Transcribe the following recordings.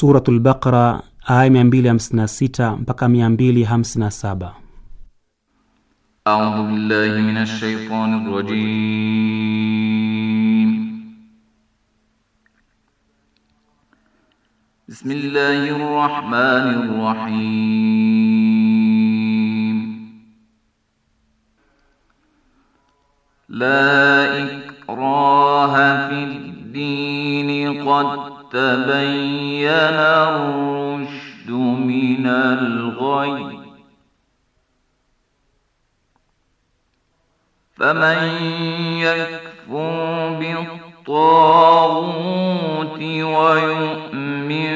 Suratul Baqara aya 256 mpaka 257. A'udhu billahi minash shaitanir rajim. Bismillahir rahmanir rahim الغي فمن يكفر بالطاغوت ويؤمن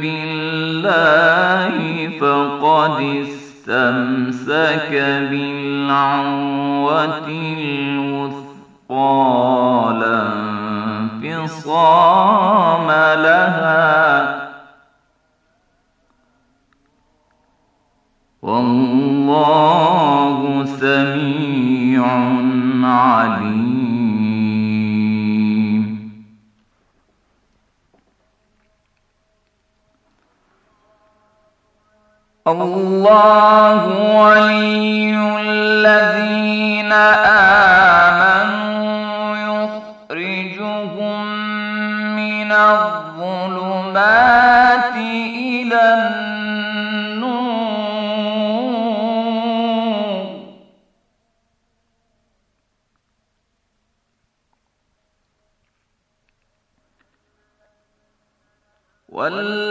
بالله فقد استمسك بالعروة الوثقى لا انفصام لها والله سميع عليم الله ولي الذين آمنوا يخرجهم من الظلمات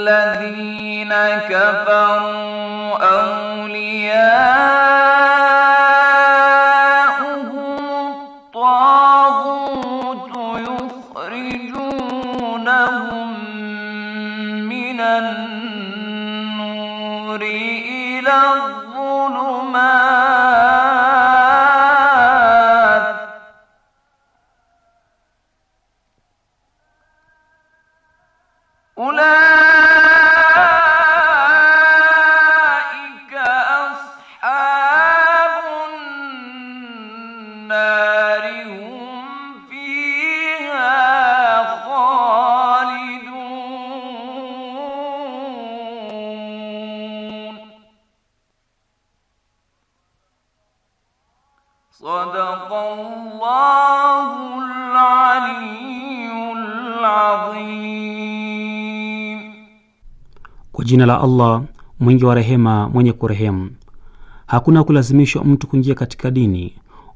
الذين كفروا Kwa jina la Allah mwingi wa rehema mwenye kurehemu. Hakuna kulazimishwa mtu kuingia katika dini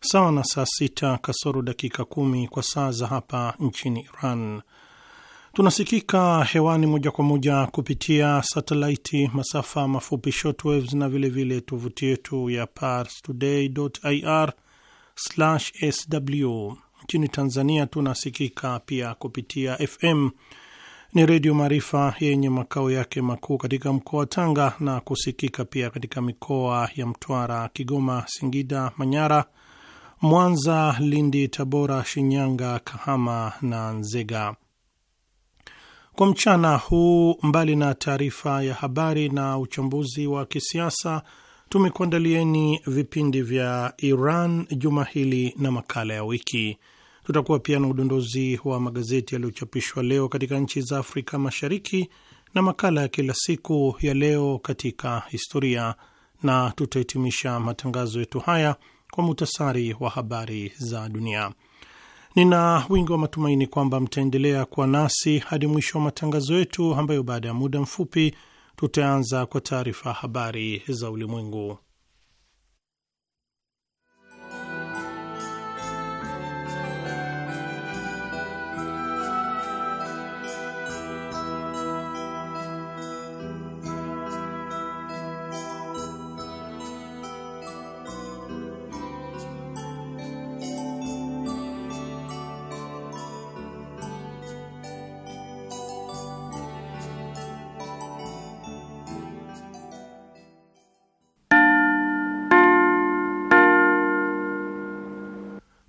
sawa na saa sita kasoro dakika kumi kwa saa za hapa nchini Iran. Tunasikika hewani moja kwa moja kupitia satelaiti, masafa mafupi shortwaves na vilevile tovuti yetu ya parstoday.ir/sw. Nchini Tanzania tunasikika pia kupitia FM ni Redio Maarifa yenye makao yake makuu katika mkoa wa Tanga na kusikika pia katika mikoa ya Mtwara, Kigoma, Singida, Manyara, Mwanza, Lindi, Tabora, Shinyanga, Kahama na Nzega. Kwa mchana huu, mbali na taarifa ya habari na uchambuzi wa kisiasa, tumekuandalieni vipindi vya Iran juma hili na makala ya wiki. Tutakuwa pia na udondozi wa magazeti yaliyochapishwa leo katika nchi za Afrika Mashariki na makala ya kila siku ya leo katika historia, na tutahitimisha matangazo yetu haya kwa muhtasari wa habari za dunia. Nina wingi wa matumaini kwamba mtaendelea kuwa nasi hadi mwisho wa matangazo yetu, ambayo baada ya muda mfupi tutaanza kwa taarifa habari za ulimwengu.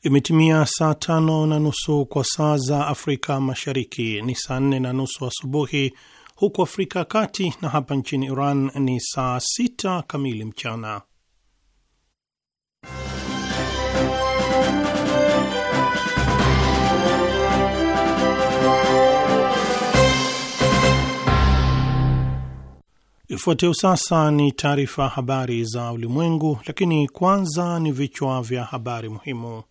Imetimia saa tano na nusu kwa saa za Afrika Mashariki, ni saa nne na nusu asubuhi huku Afrika ya Kati, na hapa nchini Iran ni saa sita kamili mchana. Ifuatayo sasa ni taarifa habari za ulimwengu, lakini kwanza ni vichwa vya habari muhimu.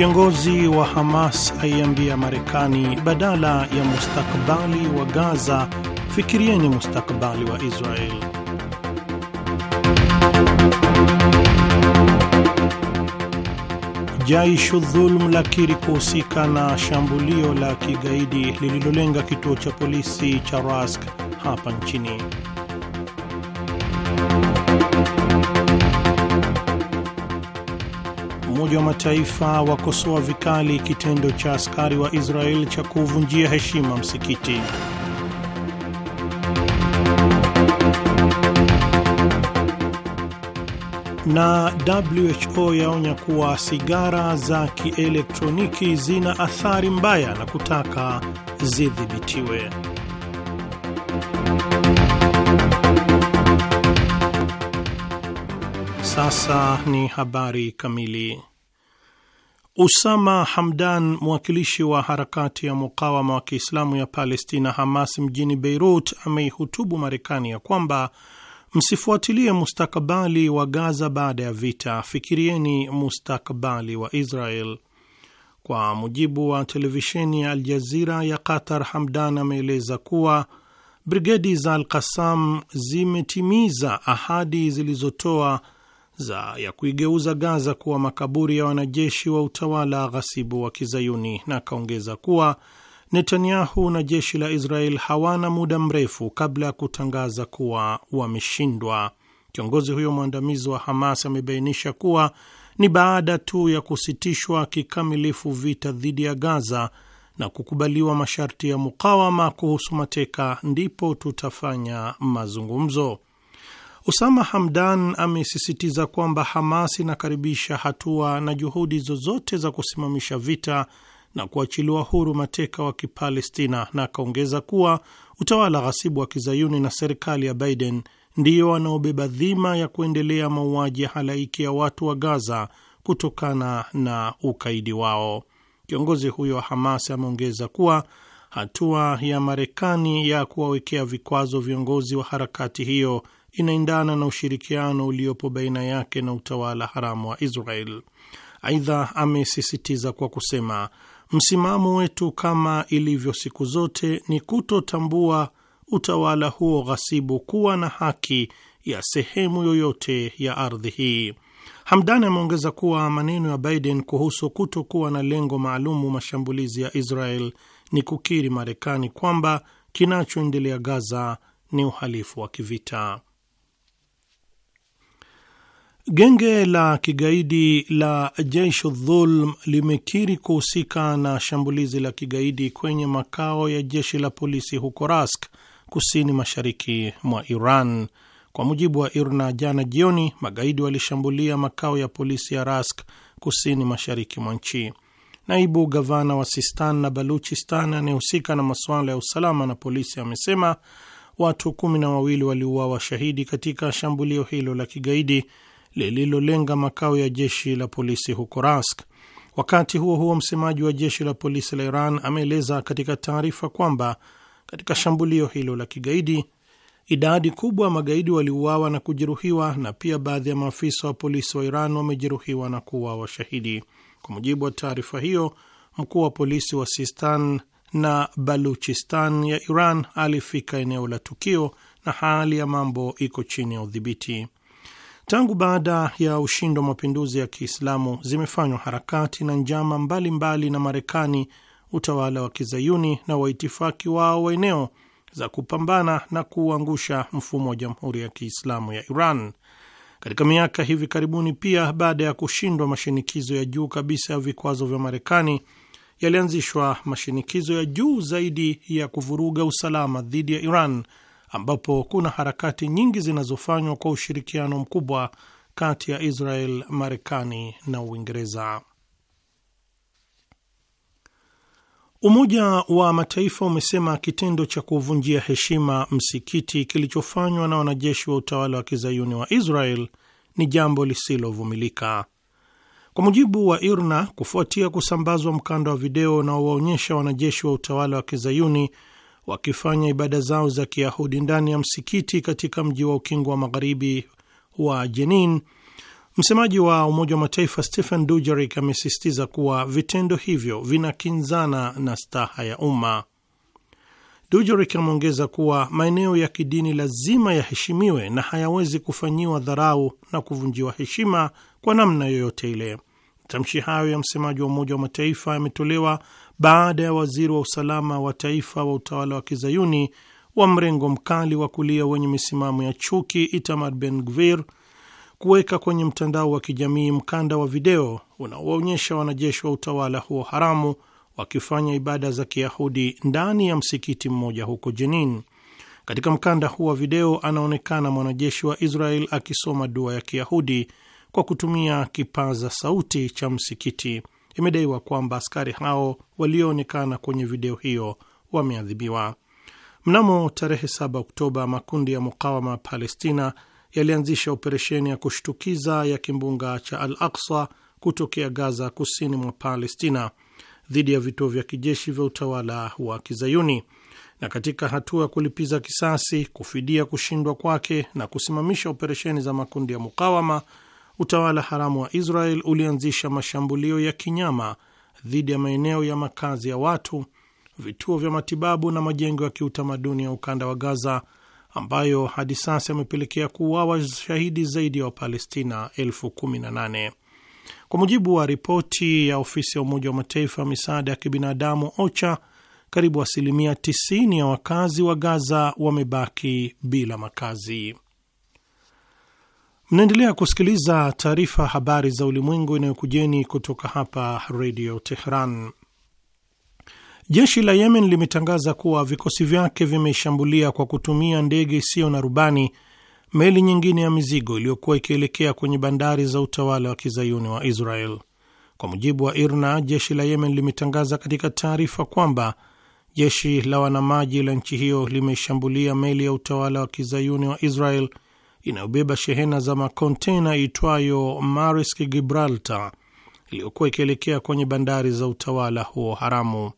Kiongozi wa Hamas aiambia Marekani, badala ya mustakbali wa Gaza, fikirieni mustakbali wa israel Jaishu Dhulm la kiri kuhusika na shambulio la kigaidi lililolenga kituo cha polisi cha Rask hapa nchini. Umoja wa Mataifa wakosoa vikali kitendo cha askari wa israel cha kuvunjia heshima msikiti. Na WHO yaonya kuwa sigara za kielektroniki zina athari mbaya na kutaka zidhibitiwe. Sasa ni habari kamili. Usama Hamdan, mwakilishi wa harakati ya mukawama wa Kiislamu ya Palestina, Hamas, mjini Beirut, ameihutubu Marekani ya kwamba msifuatilie mustakabali wa Gaza baada ya vita, fikirieni mustakabali wa Israel. Kwa mujibu wa televisheni ya Aljazira ya Qatar, Hamdan ameeleza kuwa brigedi za Al Qassam zimetimiza ahadi zilizotoa za ya kuigeuza Gaza kuwa makaburi ya wanajeshi wa utawala ghasibu wa Kizayuni, na akaongeza kuwa Netanyahu na jeshi la Israel hawana muda mrefu kabla ya kutangaza kuwa wameshindwa. Kiongozi huyo mwandamizi wa Hamas amebainisha kuwa ni baada tu ya kusitishwa kikamilifu vita dhidi ya Gaza na kukubaliwa masharti ya mukawama kuhusu mateka ndipo tutafanya mazungumzo. Osama Hamdan amesisitiza kwamba Hamas inakaribisha hatua na juhudi zozote za kusimamisha vita na kuachiliwa huru mateka wa Kipalestina, na akaongeza kuwa utawala ghasibu wa kizayuni na serikali ya Biden ndiyo wanaobeba dhima ya kuendelea mauaji ya halaiki ya watu wa Gaza kutokana na ukaidi wao. Kiongozi huyo wa Hamas ameongeza kuwa hatua ya Marekani ya kuwawekea vikwazo viongozi wa harakati hiyo inaendana na ushirikiano uliopo baina yake na utawala haramu wa Israel. Aidha, amesisitiza kwa kusema, msimamo wetu kama ilivyo siku zote ni kutotambua utawala huo ghasibu kuwa na haki ya sehemu yoyote ya ardhi hii. Hamdan ameongeza kuwa maneno ya Biden kuhusu kutokuwa na lengo maalumu mashambulizi ya Israel ni kukiri Marekani kwamba kinachoendelea Gaza ni uhalifu wa kivita. Genge la kigaidi la Jaishu Dhulm limekiri kuhusika na shambulizi la kigaidi kwenye makao ya jeshi la polisi huko Rask, kusini mashariki mwa Iran. Kwa mujibu wa IRNA, jana jioni magaidi walishambulia makao ya polisi ya Rask, kusini mashariki mwa nchi. Naibu gavana wa Sistan na Baluchistan anayehusika na masuala ya usalama na polisi amesema watu kumi na wawili waliuawa shahidi katika shambulio hilo la kigaidi lililolenga makao ya jeshi la polisi huko Rask. Wakati huo huo, msemaji wa jeshi la polisi la Iran ameeleza katika taarifa kwamba katika shambulio hilo la kigaidi idadi kubwa ya magaidi waliuawa na kujeruhiwa na pia baadhi ya maafisa wa polisi wa Iran wamejeruhiwa na kuwa washahidi. Kwa mujibu wa taarifa hiyo, mkuu wa polisi wa Sistan na Baluchistan ya Iran alifika eneo la tukio na hali ya mambo iko chini ya udhibiti. Tangu baada ya ushindi wa mapinduzi ya Kiislamu zimefanywa harakati na njama mbalimbali mbali na Marekani, utawala wa kizayuni na waitifaki wao wa eneo za kupambana na kuuangusha mfumo wa Jamhuri ya Kiislamu ya Iran. Katika miaka hivi karibuni pia, baada ya kushindwa mashinikizo ya juu kabisa ya vikwazo vya Marekani, yalianzishwa mashinikizo ya juu zaidi ya kuvuruga usalama dhidi ya Iran ambapo kuna harakati nyingi zinazofanywa kwa ushirikiano mkubwa kati ya Israel, Marekani na Uingereza. Umoja wa Mataifa umesema kitendo cha kuvunjia heshima msikiti kilichofanywa na wanajeshi wa utawala wa kizayuni wa Israel ni jambo lisilovumilika. Kwa mujibu wa IRNA, kufuatia kusambazwa mkanda wa video unaowaonyesha wanajeshi wa utawala wa kizayuni wakifanya ibada zao za Kiyahudi ndani ya msikiti katika mji wa ukingo wa magharibi wa Jenin, msemaji wa Umoja wa Mataifa Stephen Dujarric amesisitiza kuwa vitendo hivyo vinakinzana na staha ya umma. Dujarric ameongeza kuwa maeneo ya kidini lazima yaheshimiwe na hayawezi kufanyiwa dharau na kuvunjiwa heshima kwa namna yoyote ile. Matamshi hayo ya msemaji wa Umoja wa Mataifa yametolewa baada ya waziri wa usalama wa taifa wa utawala wa kizayuni wa mrengo mkali wa kulia wenye misimamo ya chuki Itamar Ben Gvir kuweka kwenye mtandao wa kijamii mkanda wa video unaowaonyesha wanajeshi wa utawala huo haramu wakifanya ibada za Kiyahudi ndani ya msikiti mmoja huko Jenin. Katika mkanda huu wa video anaonekana mwanajeshi wa Israel akisoma dua ya Kiyahudi kwa kutumia kipaza sauti cha msikiti. Imedaiwa kwamba askari hao walioonekana kwenye video hiyo wameadhibiwa. Mnamo tarehe 7 Oktoba, makundi ya mukawama Palestina yalianzisha operesheni ya kushtukiza ya kimbunga cha Al Aksa kutokea Gaza, kusini mwa Palestina, dhidi ya vituo vya kijeshi vya utawala wa Kizayuni. Na katika hatua ya kulipiza kisasi, kufidia kushindwa kwake na kusimamisha operesheni za makundi ya mukawama, utawala haramu wa Israel ulianzisha mashambulio ya kinyama dhidi ya maeneo ya makazi ya watu, vituo vya matibabu na majengo ya kiutamaduni ya ukanda wa Gaza ambayo hadi sasa yamepelekea kuuawa shahidi zaidi ya wa Wapalestina elfu kumi na nane kwa mujibu wa ripoti ya ofisi ya Umoja wa Mataifa ya misaada ya kibinadamu OCHA. Karibu asilimia 90 ya wakazi wa Gaza wamebaki bila makazi. Mnaendelea kusikiliza taarifa habari za ulimwengu inayokujeni kutoka hapa redio Tehran. Jeshi la Yemen limetangaza kuwa vikosi vyake vimeshambulia kwa kutumia ndege isiyo na rubani meli nyingine ya mizigo iliyokuwa ikielekea kwenye bandari za utawala wa kizayuni wa Israel. Kwa mujibu wa IRNA, jeshi la Yemen limetangaza katika taarifa kwamba jeshi la wanamaji la nchi hiyo limeshambulia meli ya utawala wa kizayuni wa Israel inayobeba shehena za makontena itwayo Maersk Gibraltar iliyokuwa ikielekea kwenye bandari za utawala huo haramu.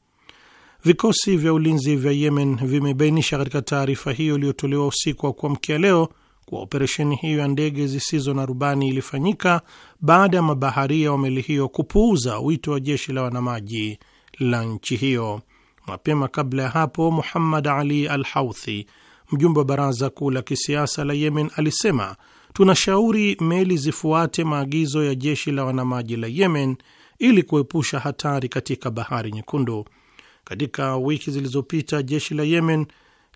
Vikosi vya ulinzi vya Yemen vimebainisha katika taarifa hiyo iliyotolewa usiku wa kuamkia leo kuwa operesheni hiyo ya ndege zisizo na rubani ilifanyika baada ya mabaharia wa meli hiyo kupuuza wito wa jeshi la wanamaji la nchi hiyo. Mapema kabla ya hapo, Muhammad Ali Al Houthi, mjumbe wa baraza kuu la kisiasa la Yemen alisema, tunashauri meli zifuate maagizo ya jeshi la wanamaji la Yemen ili kuepusha hatari katika bahari Nyekundu. Katika wiki zilizopita, jeshi la Yemen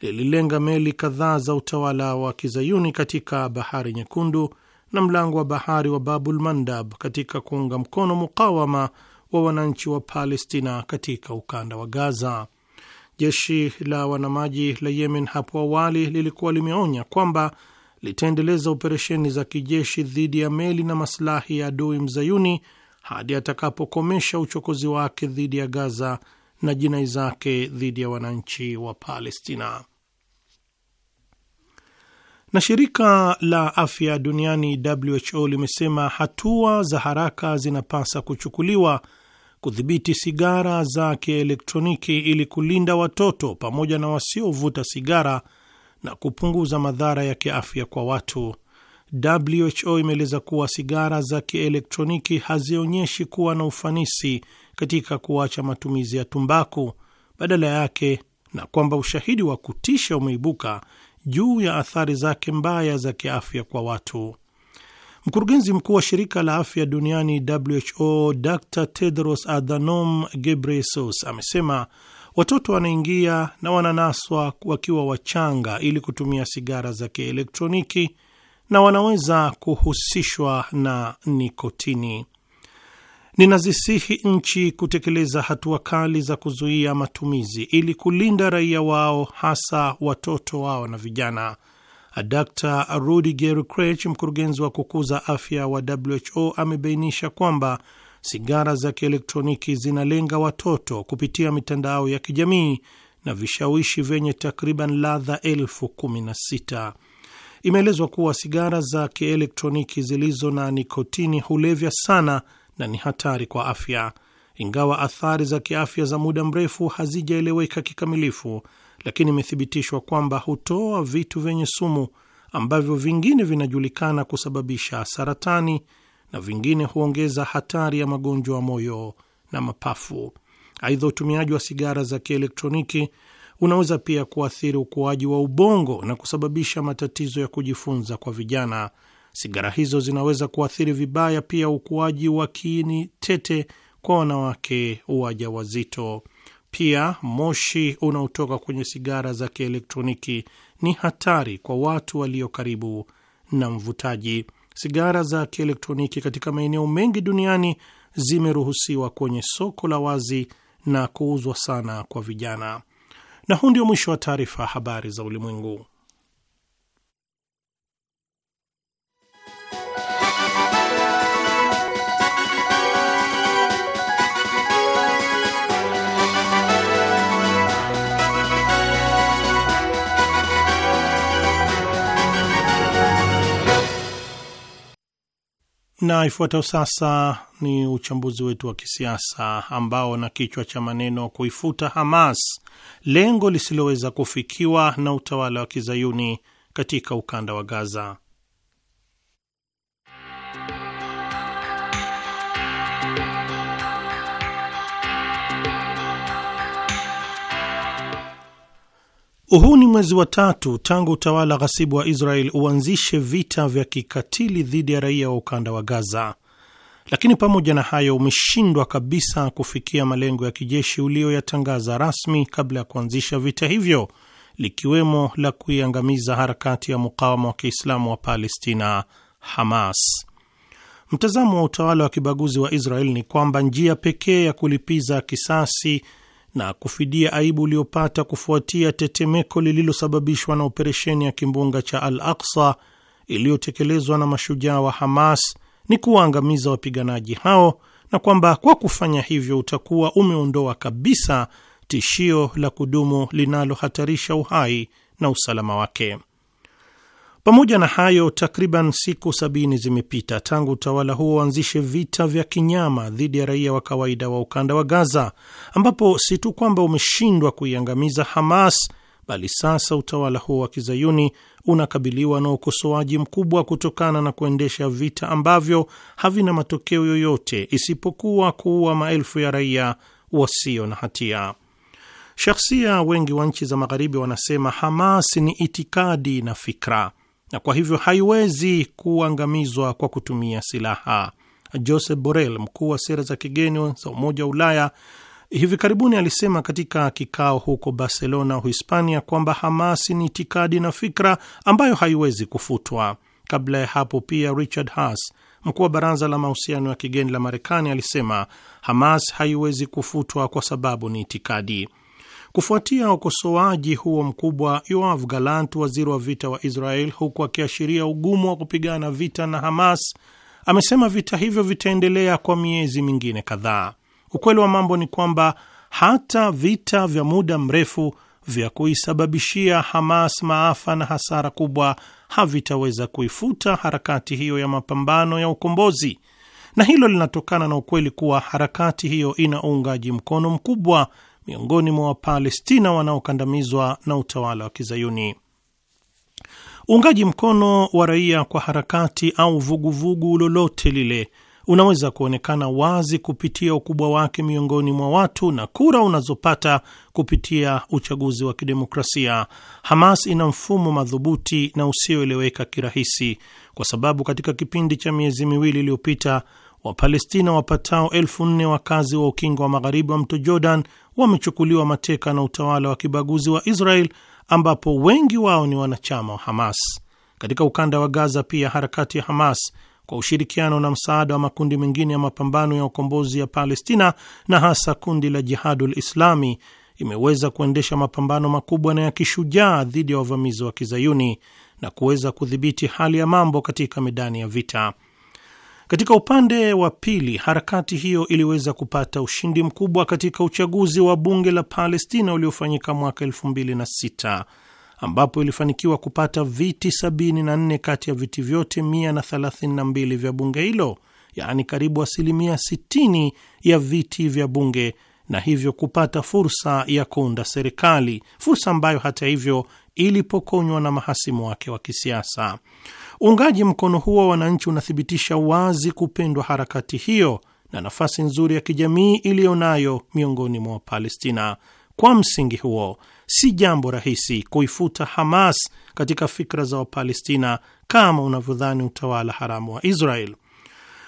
lililenga meli kadhaa za utawala wa kizayuni katika bahari Nyekundu na mlango wa bahari wa Babul Mandab katika kuunga mkono mukawama wa wananchi wa Palestina katika ukanda wa Gaza. Jeshi la wanamaji la Yemen hapo awali lilikuwa limeonya kwamba litaendeleza operesheni za kijeshi dhidi ya meli na masilahi ya adui mzayuni hadi atakapokomesha uchokozi wake dhidi ya Gaza na jinai zake dhidi ya wananchi wa Palestina. Na shirika la afya duniani WHO limesema hatua za haraka zinapasa kuchukuliwa kudhibiti sigara za kielektroniki ili kulinda watoto pamoja na wasiovuta sigara na kupunguza madhara ya kiafya kwa watu. WHO imeeleza kuwa sigara za kielektroniki hazionyeshi kuwa na ufanisi katika kuacha matumizi ya tumbaku badala yake, na kwamba ushahidi wa kutisha umeibuka juu ya athari zake mbaya za kiafya kwa watu. Mkurugenzi mkuu wa shirika la afya duniani WHO Dr Tedros Adhanom Ghebreyesus amesema watoto wanaingia na wananaswa wakiwa wachanga ili kutumia sigara za kielektroniki na wanaweza kuhusishwa na nikotini. Ninazisihi nchi kutekeleza hatua kali za kuzuia matumizi ili kulinda raia wao, hasa watoto wao na vijana, Dr Rudiger Krech, mkurugenzi wa kukuza afya wa WHO, amebainisha kwamba sigara za kielektroniki zinalenga watoto kupitia mitandao ya kijamii na vishawishi vyenye takriban ladha elfu kumi na sita. Imeelezwa kuwa sigara za kielektroniki zilizo na nikotini hulevya sana na ni hatari kwa afya. Ingawa athari za kiafya za muda mrefu hazijaeleweka kikamilifu, lakini imethibitishwa kwamba hutoa vitu vyenye sumu ambavyo vingine vinajulikana kusababisha saratani na vingine huongeza hatari ya magonjwa ya moyo na mapafu. Aidha, utumiaji wa sigara za kielektroniki unaweza pia kuathiri ukuaji wa ubongo na kusababisha matatizo ya kujifunza kwa vijana. Sigara hizo zinaweza kuathiri vibaya pia ukuaji wa kiini tete kwa wanawake wajawazito. Pia moshi unaotoka kwenye sigara za kielektroniki ni hatari kwa watu walio karibu na mvutaji. Sigara za kielektroniki katika maeneo mengi duniani zimeruhusiwa kwenye soko la wazi na kuuzwa sana kwa vijana. Na huu ndio mwisho wa taarifa habari za ulimwengu. Na ifuatayo sasa ni uchambuzi wetu wa kisiasa ambao na kichwa cha maneno kuifuta Hamas, lengo lisiloweza kufikiwa na utawala wa kizayuni katika ukanda wa Gaza. Huu ni mwezi wa tatu tangu utawala ghasibu wa Israel uanzishe vita vya kikatili dhidi ya raia wa ukanda wa Gaza, lakini pamoja na hayo umeshindwa kabisa kufikia malengo ya kijeshi uliyoyatangaza rasmi kabla ya kuanzisha vita hivyo, likiwemo la kuiangamiza harakati ya mukawama wa Kiislamu wa Palestina, Hamas. Mtazamo wa utawala wa kibaguzi wa Israel ni kwamba njia pekee ya kulipiza kisasi na kufidia aibu uliopata kufuatia tetemeko lililosababishwa na operesheni ya kimbunga cha Al Aqsa iliyotekelezwa na mashujaa wa Hamas ni kuwaangamiza wapiganaji hao na kwamba kwa kufanya hivyo utakuwa umeondoa kabisa tishio la kudumu linalohatarisha uhai na usalama wake. Pamoja na hayo, takriban siku sabini zimepita tangu utawala huo uanzishe vita vya kinyama dhidi ya raia wa kawaida wa ukanda wa Gaza, ambapo si tu kwamba umeshindwa kuiangamiza Hamas, bali sasa utawala huo wa kizayuni unakabiliwa na ukosoaji mkubwa kutokana na kuendesha vita ambavyo havina matokeo yoyote isipokuwa kuua maelfu ya raia wasio na hatia. Shakhsia wengi wa nchi za Magharibi wanasema Hamas ni itikadi na fikra na kwa hivyo haiwezi kuangamizwa kwa kutumia silaha. Joseph Borrell, mkuu wa sera za kigeni za Umoja wa Ulaya, hivi karibuni alisema katika kikao huko Barcelona, Uhispania, kwamba Hamas ni itikadi na fikra ambayo haiwezi kufutwa. Kabla ya hapo pia, Richard Haas, mkuu wa baraza la mahusiano ya kigeni la Marekani, alisema Hamas haiwezi kufutwa kwa sababu ni itikadi. Kufuatia ukosoaji huo mkubwa, Yoav Galant, waziri wa vita wa Israel, huku akiashiria ugumu wa kupigana vita na Hamas, amesema vita hivyo vitaendelea kwa miezi mingine kadhaa. Ukweli wa mambo ni kwamba hata vita vya muda mrefu vya kuisababishia Hamas maafa na hasara kubwa havitaweza kuifuta harakati hiyo ya mapambano ya ukombozi, na hilo linatokana na ukweli kuwa harakati hiyo ina uungaji mkono mkubwa miongoni mwa Wapalestina wanaokandamizwa na utawala wa Kizayuni. Uungaji mkono wa raia kwa harakati au vuguvugu vugu lolote lile unaweza kuonekana wazi kupitia ukubwa wake miongoni mwa watu na kura unazopata kupitia uchaguzi wa kidemokrasia. Hamas ina mfumo madhubuti na usioeleweka kirahisi, kwa sababu katika kipindi cha miezi miwili iliyopita Wapalestina wapatao elfu nne wakazi wa ukingo wa magharibi wa mto Jordan wamechukuliwa mateka na utawala wa kibaguzi wa Israel, ambapo wengi wao ni wanachama wa Hamas. Katika ukanda wa Gaza pia harakati ya Hamas kwa ushirikiano na msaada wa makundi mengine ya mapambano ya ukombozi ya Palestina na hasa kundi la Jihadul Islami imeweza kuendesha mapambano makubwa na ya kishujaa dhidi ya wavamizi wa kizayuni na kuweza kudhibiti hali ya mambo katika medani ya vita. Katika upande wa pili, harakati hiyo iliweza kupata ushindi mkubwa katika uchaguzi wa bunge la Palestina uliofanyika mwaka 2006 ambapo ilifanikiwa kupata viti 74 kati ya viti vyote 132 vya bunge hilo, yaani karibu asilimia 60 ya viti vya bunge, na hivyo kupata fursa ya kuunda serikali, fursa ambayo hata hivyo ilipokonywa na mahasimu wake wa kisiasa. Uungaji mkono huo wa wananchi unathibitisha wazi kupendwa harakati hiyo na nafasi nzuri ya kijamii iliyo nayo miongoni mwa Wapalestina. Kwa msingi huo, si jambo rahisi kuifuta Hamas katika fikra za Wapalestina kama unavyodhani utawala haramu wa Israel.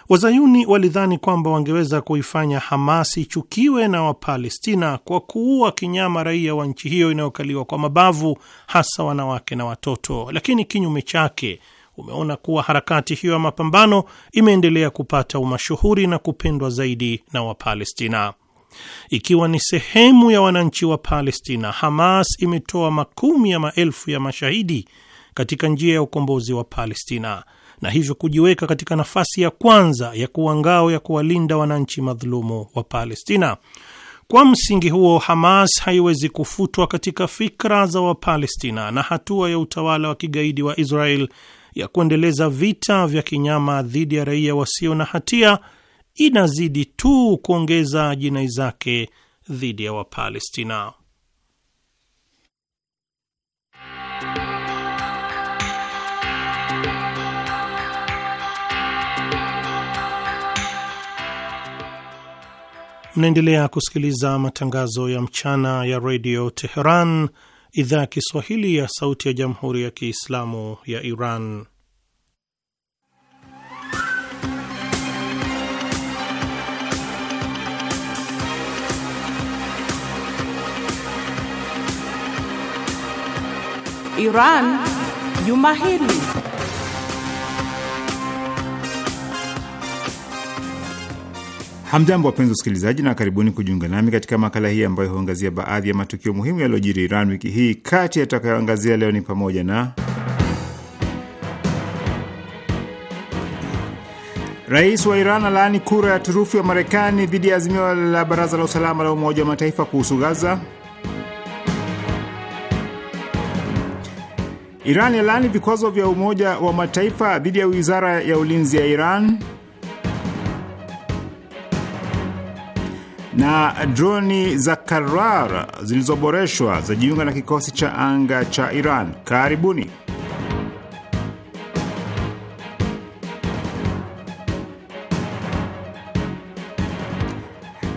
Wazayuni walidhani kwamba wangeweza kuifanya Hamas ichukiwe na Wapalestina kwa kuua kinyama raia wa nchi hiyo inayokaliwa kwa mabavu, hasa wanawake na watoto, lakini kinyume chake umeona kuwa harakati hiyo ya mapambano imeendelea kupata umashuhuri na kupendwa zaidi na Wapalestina. Ikiwa ni sehemu ya wananchi wa Palestina, Hamas imetoa makumi ya maelfu ya mashahidi katika njia ya ukombozi wa Palestina na hivyo kujiweka katika nafasi ya kwanza ya kuwa ngao ya kuwalinda wananchi madhulumu wa Palestina. Kwa msingi huo, Hamas haiwezi kufutwa katika fikra za Wapalestina, na hatua ya utawala wa kigaidi wa Israel ya kuendeleza vita vya kinyama dhidi ya raia wasio na hatia inazidi tu kuongeza jinai zake dhidi ya Wapalestina. Mnaendelea kusikiliza matangazo ya mchana ya redio Teheran, idhaa ya Kiswahili ya Sauti ya Jamhuri ya Kiislamu ya Iran. Iran Juma Hili. Hamjambo, wapenzi wasikilizaji, na karibuni kujiunga nami katika makala hii ambayo huangazia baadhi ya matukio muhimu yaliyojiri Iran wiki hii. Kati yatakayoangazia leo ni pamoja na Rais wa Iran alaani kura ya turufu ya Marekani dhidi ya azimio la Baraza la Usalama la Umoja wa Mataifa kuhusu Gaza. Iran yalaani vikwazo vya Umoja wa Mataifa dhidi ya wizara ya ulinzi ya Iran. na droni za Karar zilizoboreshwa zajiunga na kikosi cha anga cha Iran. Karibuni.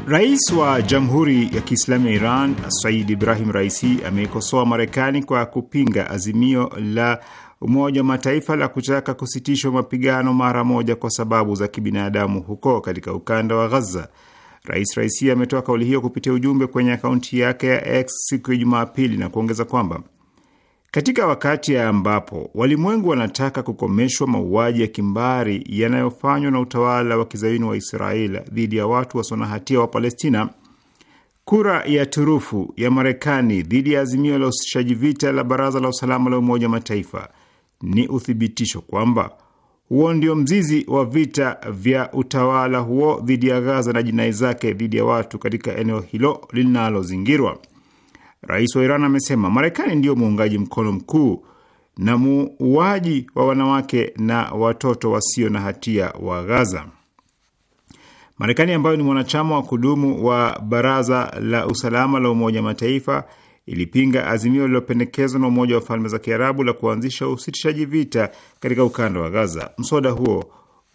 Rais wa Jamhuri ya Kiislamu ya Iran Said Ibrahim Raisi ameikosoa Marekani kwa kupinga azimio la Umoja wa Mataifa la kutaka kusitishwa mapigano mara moja kwa sababu za kibinadamu huko katika ukanda wa Ghaza. Rais Raisi ametoa kauli hiyo kupitia ujumbe kwenye akaunti yake ya X siku ya Jumapili na kuongeza kwamba katika wakati ambapo walimwengu wanataka kukomeshwa mauaji ya kimbari yanayofanywa na utawala wa kizaini wa Israel dhidi ya watu wasio na hatia wa Palestina, kura ya turufu ya Marekani dhidi ya azimio la usitishaji vita la Baraza la Usalama la Umoja wa Mataifa ni uthibitisho kwamba huo ndio mzizi wa vita vya utawala huo dhidi ya Gaza na jinai zake dhidi ya watu katika eneo hilo linalozingirwa. Rais wa Iran amesema Marekani ndiyo muungaji mkono mkuu na muuaji wa wanawake na watoto wasio na hatia wa Gaza. Marekani ambayo ni mwanachama wa kudumu wa Baraza la Usalama la Umoja Mataifa ilipinga azimio lililopendekezwa na Umoja wa Falme za Kiarabu la kuanzisha usitishaji vita katika ukanda wa Gaza. Mswada huo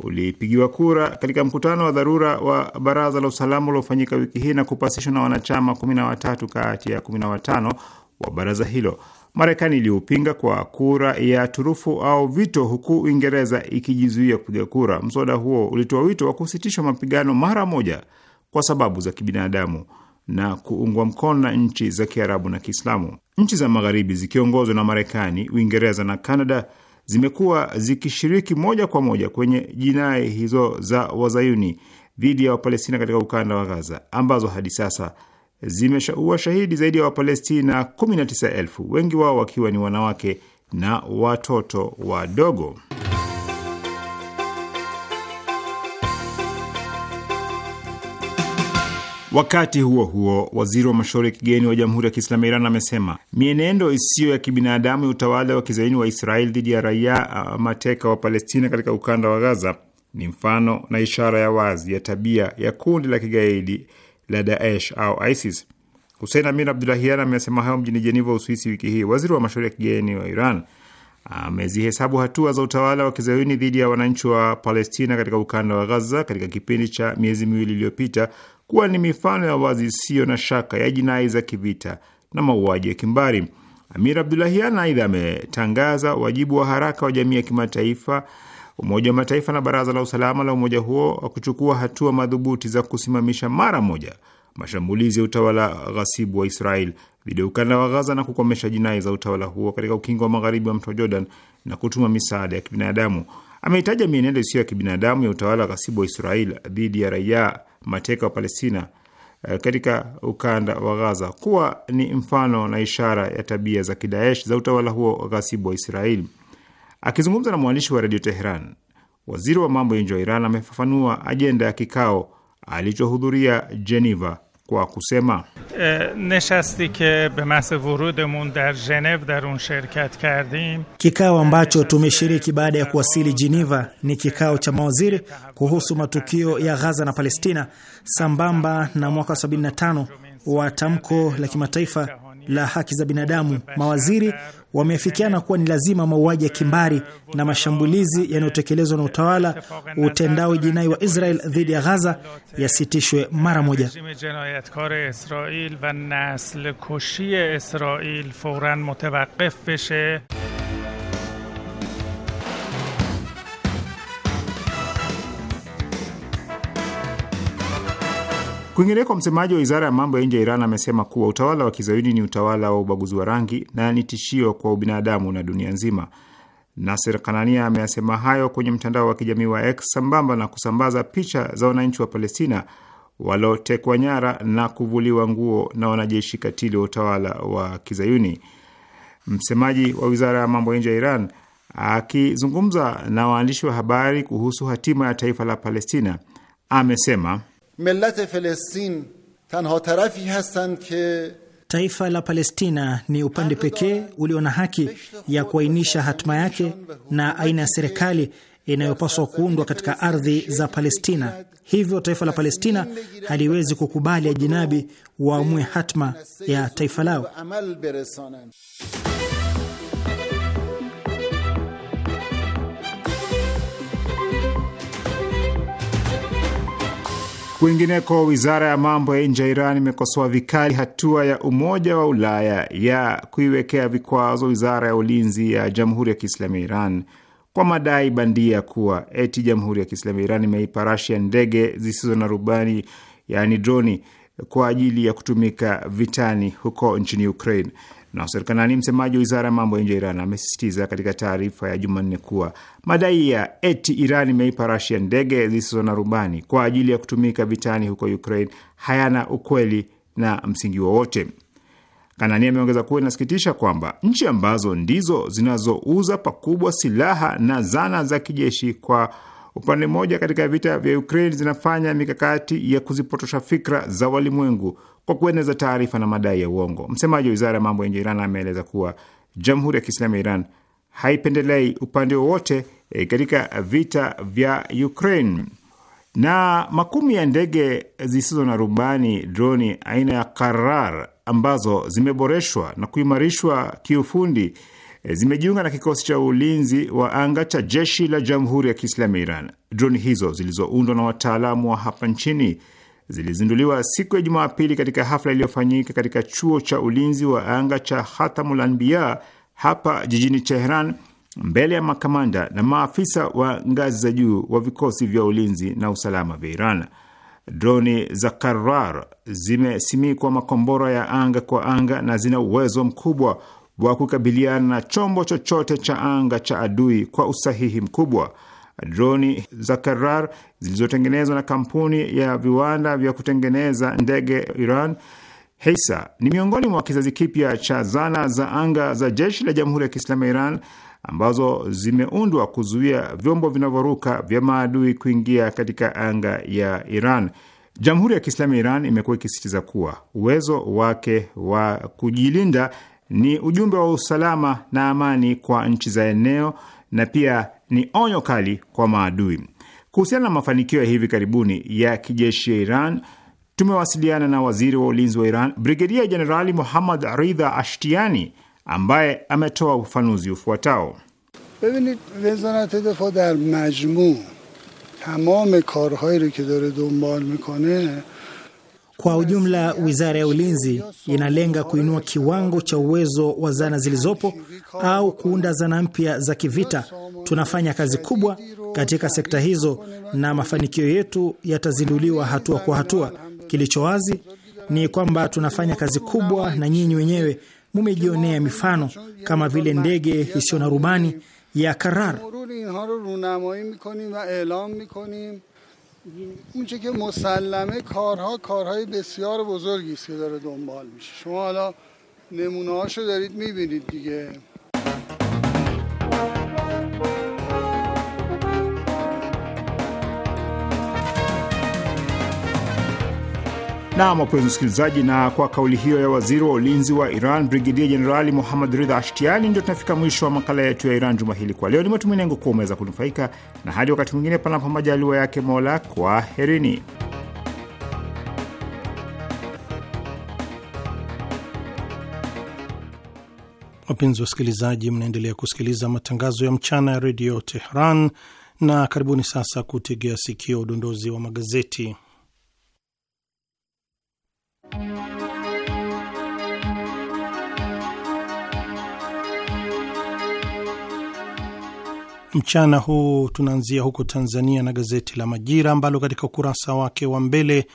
ulipigiwa kura katika mkutano wa dharura wa Baraza la Usalama uliofanyika wiki hii na kupasishwa na wanachama 13 kati ya 15 wa baraza hilo. Marekani iliupinga kwa kura ya turufu au vito, huku Uingereza ikijizuia kupiga kura. Mswada huo ulitoa wito wa kusitishwa mapigano mara moja kwa sababu za kibinadamu na kuungwa mkono na nchi za Kiarabu na Kiislamu. Nchi za Magharibi zikiongozwa na Marekani, Uingereza na Kanada zimekuwa zikishiriki moja kwa moja kwenye jinai hizo za wazayuni dhidi ya Wapalestina katika ukanda wa Gaza, ambazo hadi sasa zimeshaua shahidi zaidi ya Wapalestina 19,000 wengi wao wakiwa ni wanawake na watoto wadogo. Wakati huo huo, waziri wa mashauri ya kigeni wa Jamhuri ya Kiislamu ya Iran amesema mienendo isiyo ya kibinadamu ya utawala wa kizaini wa Israeli dhidi ya raia mateka wa Palestina katika ukanda wa Gaza ni mfano na ishara ya wazi ya tabia ya kundi la kigaidi la Daesh au ISIS. Husein Amir Abdulahian amesema hayo mjini Jeneva, Uswisi, wiki hii. Waziri wa mashauri ya kigeni wa Iran amezihesabu hatua za utawala wa kizayuni dhidi ya wananchi wa Palestina katika ukanda wa Gaza katika kipindi cha miezi miwili iliyopita kuwa ni mifano ya wazi isiyo na shaka ya jinai za kivita na mauaji ya kimbari. Amir Abdulahian aidha ametangaza wajibu wa haraka wa jamii ya kimataifa, Umoja wa Mataifa na Baraza la Usalama la umoja huo wa kuchukua hatua madhubuti za kusimamisha mara moja mashambulizi ya utawala ghasibu wa Israel dhidi ya ukanda wa Gaza na kukomesha jinai za utawala huo katika ukingo wa magharibi wa mto Jordan na kutuma misaada ya kibinadamu. Ameitaja mienendo isiyo ya kibinadamu ya utawala ghasibu wa Israel dhidi ya raia mateka wa Palestina eh, katika ukanda wa Gaza kuwa ni mfano na ishara ya tabia za kidaesh za utawala huo ghasibu wa Israeli. Akizungumza na mwandishi wa redio Teheran, waziri wa mambo ya nje wa Iran amefafanua ajenda ya kikao alichohudhuria Geneva kwa kusema eh, kikao ambacho tumeshiriki baada ya kuwasili Geneva ni kikao cha mawaziri kuhusu matukio ya ghaza na Palestina sambamba na mwaka 75 wa tamko la kimataifa la haki za binadamu. Mawaziri wameafikiana kuwa ni lazima mauaji ya kimbari na mashambulizi yanayotekelezwa na utawala utendao jinai wa Israel dhidi ya Ghaza yasitishwe mara moja. Kwingineko, msemaji wa wizara ya mambo ya nje ya Iran amesema kuwa utawala wa kizayuni ni utawala wa ubaguzi wa rangi na ni tishio kwa ubinadamu na dunia nzima. Naser Kanania ameyasema hayo kwenye mtandao wa kijamii wa X sambamba na kusambaza picha za wananchi wa Palestina walotekwa nyara na kuvuliwa nguo na wanajeshi katili wa utawala wa kizayuni. Msemaji wa wizara ya mambo ya nje ya Iran akizungumza na waandishi wa habari kuhusu hatima ya taifa la Palestina amesema ملت فلسطین تنها طرفی هستند که Taifa la Palestina ni upande pekee ulio na haki ya kuainisha hatima yake na aina ya serikali inayopaswa kuundwa katika ardhi za Palestina. Hivyo taifa la Palestina haliwezi kukubali ajinabi waamue hatma ya taifa lao. Kwingineko, wizara ya mambo ya nje ya Iran imekosoa vikali hatua ya Umoja wa Ulaya ya kuiwekea vikwazo wizara ya ulinzi ya Jamhuri ya Kiislamu ya Iran kwa madai bandia kuwa eti Jamhuri ya Kiislamu ya Iran imeipa Rasia ndege zisizo na rubani, yaani droni, kwa ajili ya kutumika vitani huko nchini Ukraine na Kanani, msemaji wa wizara ya mambo ya nje ya Iran, amesisitiza katika taarifa ya Jumanne kuwa madai ya eti Iran imeipa Rasia ndege zisizo na rubani kwa ajili ya kutumika vitani huko Ukraine hayana ukweli na msingi wowote. Kanani ameongeza kuwa inasikitisha kwamba nchi ambazo ndizo zinazouza pakubwa silaha na zana za kijeshi kwa upande mmoja katika vita vya Ukraine zinafanya mikakati ya kuzipotosha fikra za walimwengu kwa kueneza taarifa na madai ya uongo. Msemaji wa wizara ya mambo ya nje ya Iran ameeleza kuwa Jamhuri ya Kiislamu ya Iran haipendelei upande wowote e, katika vita vya Ukraine. Na makumi ya ndege zisizo na rubani droni aina ya Karar ambazo zimeboreshwa na kuimarishwa kiufundi eh, zimejiunga na kikosi cha ulinzi wa anga cha jeshi la Jamhuri ya Kiislamu ya Iran. Droni hizo zilizoundwa na wataalamu wa hapa nchini zilizinduliwa siku ya Jumapili katika hafla iliyofanyika katika chuo cha ulinzi wa anga cha Hatamul Anbiya hapa jijini teheran mbele ya makamanda na maafisa wa ngazi za juu wa vikosi vya ulinzi na usalama vya Iran. Droni za Karar zimesimikwa makombora ya anga kwa anga na zina uwezo mkubwa wa kukabiliana na chombo chochote cha anga cha adui kwa usahihi mkubwa droni za Karar zilizotengenezwa na kampuni ya viwanda vya kutengeneza ndege Iran Heisa ni miongoni mwa kizazi kipya cha zana za anga za jeshi la Jamhuri ya Kiislamu ya Iran ambazo zimeundwa kuzuia vyombo vinavyoruka vya maadui kuingia katika anga ya Iran. Jamhuri ya Kiislamu ya Iran imekuwa ikisisitiza kuwa uwezo wake wa kujilinda ni ujumbe wa usalama na amani kwa nchi za eneo na pia ni onyo kali kwa maadui. Kuhusiana na mafanikio ya hivi karibuni ya kijeshi ya Iran, tumewasiliana na waziri wa ulinzi wa Iran, Brigedia Jenerali Muhammad Ridha Ashtiani, ambaye ametoa ufafanuzi ufuatao. majmu tamame karhayi ke dare donbal mikone kwa ujumla, wizara ya ulinzi inalenga kuinua kiwango cha uwezo wa zana zilizopo au kuunda zana mpya za kivita. Tunafanya kazi kubwa katika sekta hizo na mafanikio yetu yatazinduliwa hatua kwa hatua. Kilicho wazi ni kwamba tunafanya kazi kubwa, na nyinyi wenyewe mumejionea mifano kama vile ndege isiyo na rubani ya Karar. اونچه که مسلمه کارها کارهای بسیار بزرگی است که داره دنبال میشه شما حالا نمونه هاشو دارید میبینید دیگه Nam, wapenzi msikilizaji, na kwa kauli hiyo ya waziri wa ulinzi wa Iran Brigedia Jenerali Muhammad Ridha Ashtiani, ndio tunafika mwisho wa makala yetu ya Iran juma hili. Kwa leo ni matumaini yangu kuwa umeweza kunufaika, na hadi wakati mwingine, panapo majaliwa yake Mola, kwa herini. Wapenzi wasikilizaji, mnaendelea kusikiliza matangazo ya mchana ya Redio Tehran, na karibuni sasa kutegea sikio udondozi wa magazeti. Mchana huu tunaanzia huko Tanzania na gazeti la Majira ambalo katika ukurasa wake wa mbele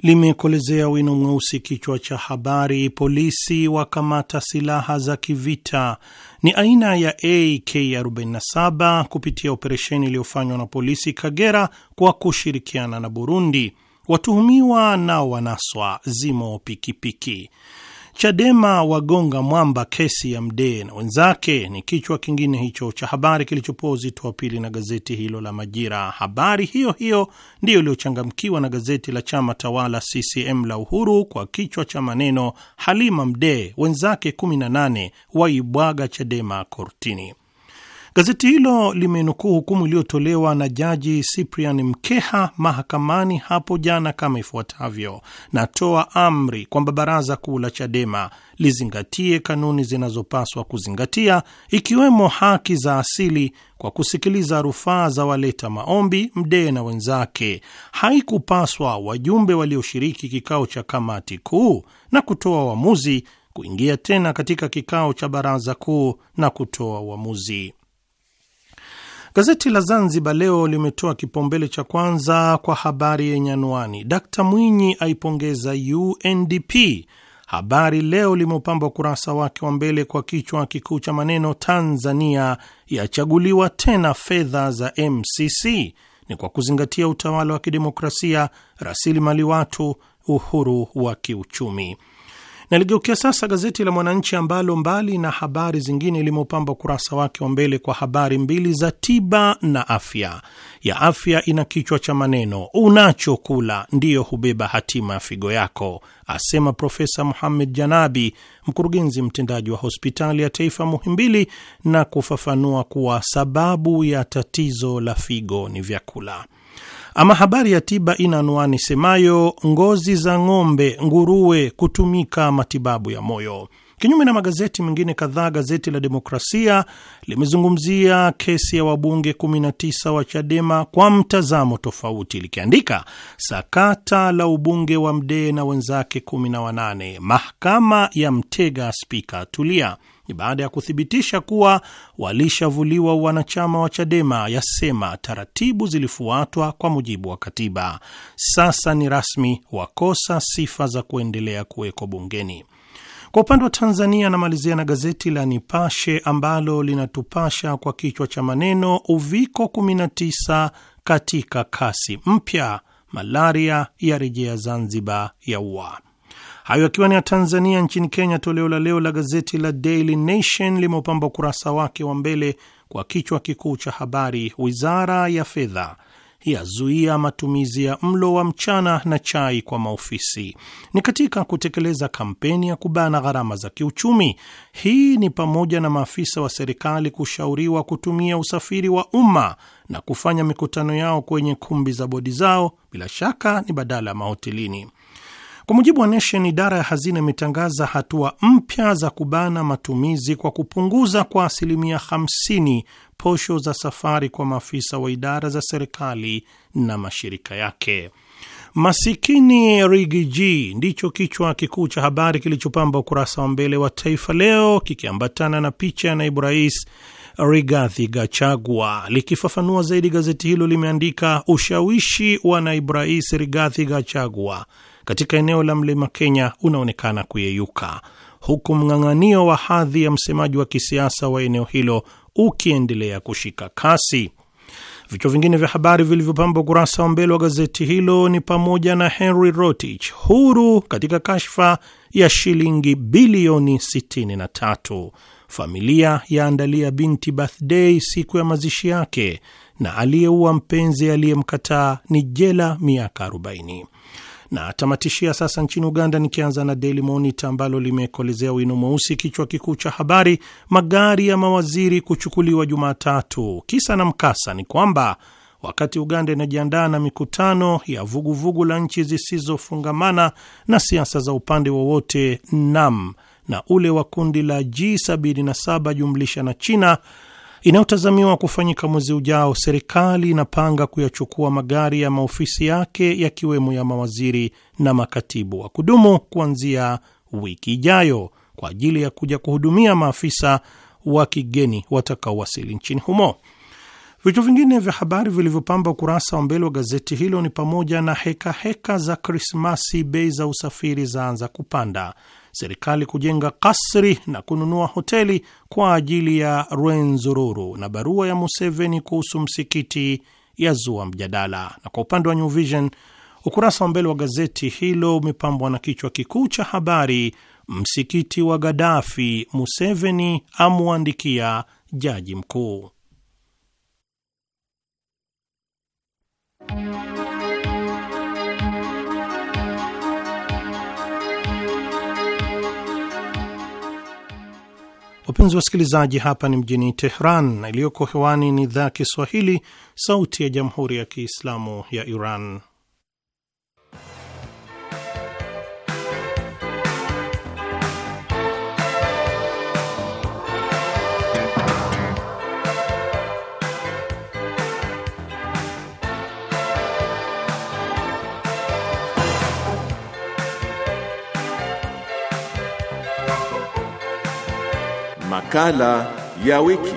limekolezea wino mweusi kichwa cha habari, polisi wakamata silaha za kivita, ni aina ya AK47 kupitia operesheni iliyofanywa na polisi Kagera kwa kushirikiana na Burundi. Watuhumiwa nao wanaswa, zimo pikipiki piki. Chadema wagonga mwamba kesi ya Mdee na wenzake ni kichwa kingine hicho cha habari kilichopoa uzito wa pili na gazeti hilo la Majira. Habari hiyo hiyo ndiyo iliyochangamkiwa na gazeti la chama tawala CCM la Uhuru kwa kichwa cha maneno Halima Mdee wenzake 18 waibwaga Chadema kortini. Gazeti hilo limenukuu hukumu iliyotolewa na Jaji Cyprian Mkeha mahakamani hapo jana kama ifuatavyo: natoa amri kwamba baraza kuu la Chadema lizingatie kanuni zinazopaswa kuzingatia ikiwemo haki za asili kwa kusikiliza rufaa za waleta maombi Mdee na wenzake. Haikupaswa wajumbe walioshiriki kikao cha kamati kuu na kutoa uamuzi kuingia tena katika kikao cha baraza kuu na kutoa uamuzi. Gazeti la Zanzibar Leo limetoa kipaumbele cha kwanza kwa habari yenye anwani Dkt Mwinyi aipongeza UNDP. Habari Leo limeupamba ukurasa wake wa mbele kwa kichwa kikuu cha maneno Tanzania yachaguliwa tena fedha za MCC ni kwa kuzingatia utawala wa kidemokrasia, rasilimali watu, uhuru wa kiuchumi. Naligeukia sasa gazeti la Mwananchi ambalo mbali na habari zingine limepamba ukurasa wake wa mbele kwa habari mbili za tiba na afya. Ya afya ina kichwa cha maneno unachokula ndiyo hubeba hatima ya figo yako, asema Profesa Muhamed Janabi, mkurugenzi mtendaji wa hospitali ya taifa Muhimbili, na kufafanua kuwa sababu ya tatizo la figo ni vyakula. Ama habari ya tiba ina anwani semayo ngozi za ng'ombe, nguruwe kutumika matibabu ya moyo. Kinyume na magazeti mengine kadhaa, gazeti la Demokrasia limezungumzia kesi ya wabunge 19 wa Chadema kwa mtazamo tofauti, likiandika sakata la ubunge wa Mdee na wenzake 18, mahakama ya mtega spika Tulia baada ya kuthibitisha kuwa walishavuliwa wanachama wa Chadema, yasema taratibu zilifuatwa kwa mujibu wa katiba. Sasa ni rasmi, wakosa sifa za kuendelea kuwekwa bungeni. Kwa upande wa Tanzania, anamalizia na gazeti la Nipashe ambalo linatupasha kwa kichwa cha maneno Uviko 19 katika kasi mpya, malaria ya rejea Zanzibar ya ua Hayo akiwa ni ya Tanzania. Nchini Kenya, toleo la leo la gazeti la Daily Nation limeupamba ukurasa wake wa mbele kwa kichwa kikuu cha habari, wizara ya fedha yazuia matumizi ya mlo wa mchana na chai kwa maofisi. Ni katika kutekeleza kampeni ya kubana gharama za kiuchumi. Hii ni pamoja na maafisa wa serikali kushauriwa kutumia usafiri wa umma na kufanya mikutano yao kwenye kumbi za bodi zao, bila shaka ni badala ya mahotelini. Kwa mujibu wa Nation, idara ya hazina imetangaza hatua mpya za kubana matumizi kwa kupunguza kwa asilimia 50 posho za safari kwa maafisa wa idara za serikali na mashirika yake. Masikini Rigiji ndicho kichwa kikuu cha habari kilichopamba ukurasa wa mbele wa Taifa Leo, kikiambatana na picha ya naibu rais Rigathi Gachagua. Likifafanua zaidi, gazeti hilo limeandika ushawishi wa naibu rais Rigathi Gachagua katika eneo la mlima Kenya unaonekana kuyeyuka, huku mng'ang'anio wa hadhi ya msemaji wa kisiasa wa eneo hilo ukiendelea kushika kasi. Vichwa vingine vya habari vilivyopamba ukurasa wa mbele wa gazeti hilo ni pamoja na Henry Rotich huru katika kashfa ya shilingi bilioni 63, familia yaandalia binti birthday siku ya mazishi yake, na aliyeua mpenzi aliyemkataa ni jela miaka 40. Na tamatishia sasa nchini Uganda, nikianza na Daily Monitor ambalo limekolezea wino mweusi kichwa kikuu cha habari, magari ya mawaziri kuchukuliwa Jumatatu. Kisa na mkasa ni kwamba wakati Uganda inajiandaa na mikutano ya vuguvugu vugu la nchi zisizofungamana na siasa za upande wowote NAM na ule wa kundi la G77 jumlisha na China inayotazamiwa kufanyika mwezi ujao, serikali inapanga kuyachukua magari ya maofisi yake yakiwemo ya mawaziri na makatibu wa kudumu kuanzia wiki ijayo kwa ajili ya kuja kuhudumia maafisa wa kigeni watakaowasili nchini humo. Vitu vingine vya habari vilivyopamba ukurasa wa mbele wa gazeti hilo ni pamoja na hekaheka heka za Krismasi, bei za usafiri zaanza kupanda serikali kujenga kasri na kununua hoteli kwa ajili ya Rwenzururu na barua ya Museveni kuhusu msikiti ya zua mjadala. Na kwa upande wa New Vision, ukurasa wa mbele wa gazeti hilo umepambwa na kichwa kikuu cha habari, msikiti wa Gadafi, Museveni amwandikia jaji mkuu. Wapenzi wasikilizaji, hapa ni mjini Tehran na iliyoko hewani ni idhaa ya Kiswahili, Sauti ya Jamhuri ya Kiislamu ya Iran. Makala ya wiki.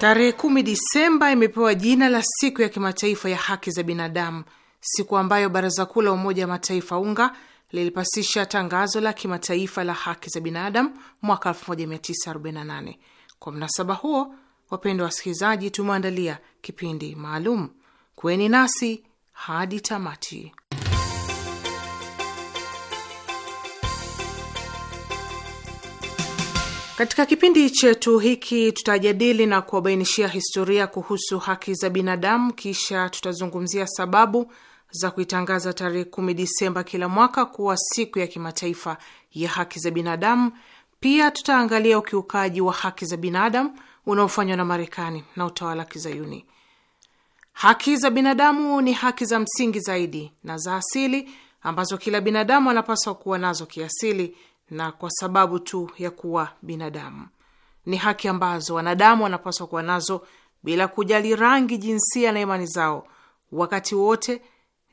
Tarehe 1 Disemba imepewa jina la siku ya kimataifa ya haki za binadamu siku ambayo Baraza Kuu la Umoja wa Mataifa unga lilipasisha tangazo la kimataifa la haki za binadamu mwaka 1948. Kwa mnasaba huo, wapendwa wasikilizaji, tumeandalia kipindi maalum. Kuweni nasi hadi tamati. Katika kipindi chetu hiki tutajadili na kuwabainishia historia kuhusu haki za binadamu, kisha tutazungumzia sababu za kuitangaza tarehe kumi Disemba kila mwaka kuwa siku ya kimataifa ya haki za binadamu. Pia tutaangalia ukiukaji wa haki za binadamu unaofanywa na Marekani na utawala Kizayuni. Haki za binadamu ni haki za msingi zaidi na za asili ambazo kila binadamu anapaswa kuwa nazo kiasili na kwa sababu tu ya kuwa binadamu. Ni haki ambazo wanadamu wanapaswa kuwa nazo bila kujali rangi, jinsia na imani zao, wakati wote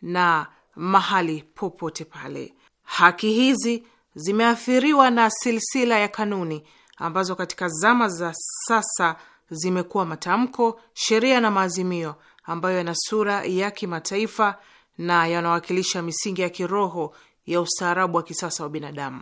na mahali popote pale. Haki hizi zimeathiriwa na silsila ya kanuni ambazo katika zama za sasa zimekuwa matamko, sheria na maazimio ambayo yana sura ya kimataifa na yanawakilisha misingi ya kiroho ya ustaarabu wa kisasa wa binadamu.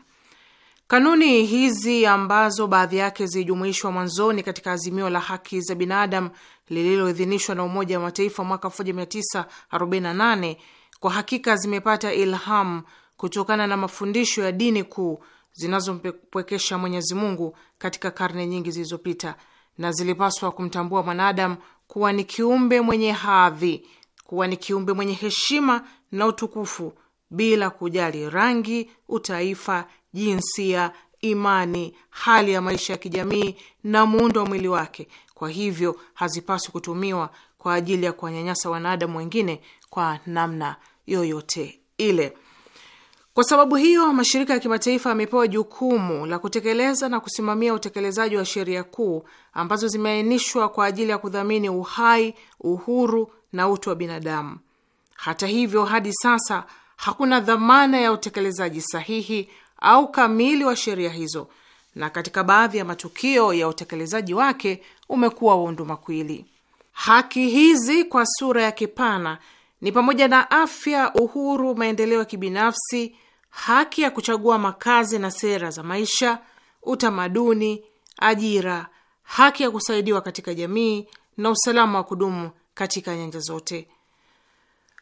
Kanuni hizi ambazo baadhi yake zilijumuishwa mwanzoni katika azimio la haki za binadamu lililoidhinishwa na Umoja wa Mataifa mwaka 1948 kwa hakika zimepata ilham kutokana na mafundisho ya dini kuu zinazompwekesha Mwenyezi Mungu katika karne nyingi zilizopita, na zilipaswa kumtambua mwanadamu kuwa ni kiumbe mwenye hadhi, kuwa ni kiumbe mwenye heshima na utukufu bila kujali rangi, utaifa, jinsia, imani, hali ya maisha ya kijamii na muundo wa mwili wake, kwa hivyo hazipaswi kutumiwa kwa ajili ya kuwanyanyasa wanadamu wengine kwa namna yoyote ile. Kwa sababu hiyo, mashirika ya kimataifa yamepewa jukumu la kutekeleza na kusimamia utekelezaji wa sheria kuu ambazo zimeainishwa kwa ajili ya kudhamini uhai, uhuru na utu wa binadamu. Hata hivyo, hadi sasa hakuna dhamana ya utekelezaji sahihi au kamili wa sheria hizo na katika baadhi ya matukio ya utekelezaji wake umekuwa waundumakuwili. Haki hizi kwa sura ya kipana ni pamoja na afya, uhuru, maendeleo ya kibinafsi, haki ya kuchagua makazi na sera za maisha, utamaduni, ajira, haki ya kusaidiwa katika jamii na usalama wa kudumu katika nyanja zote.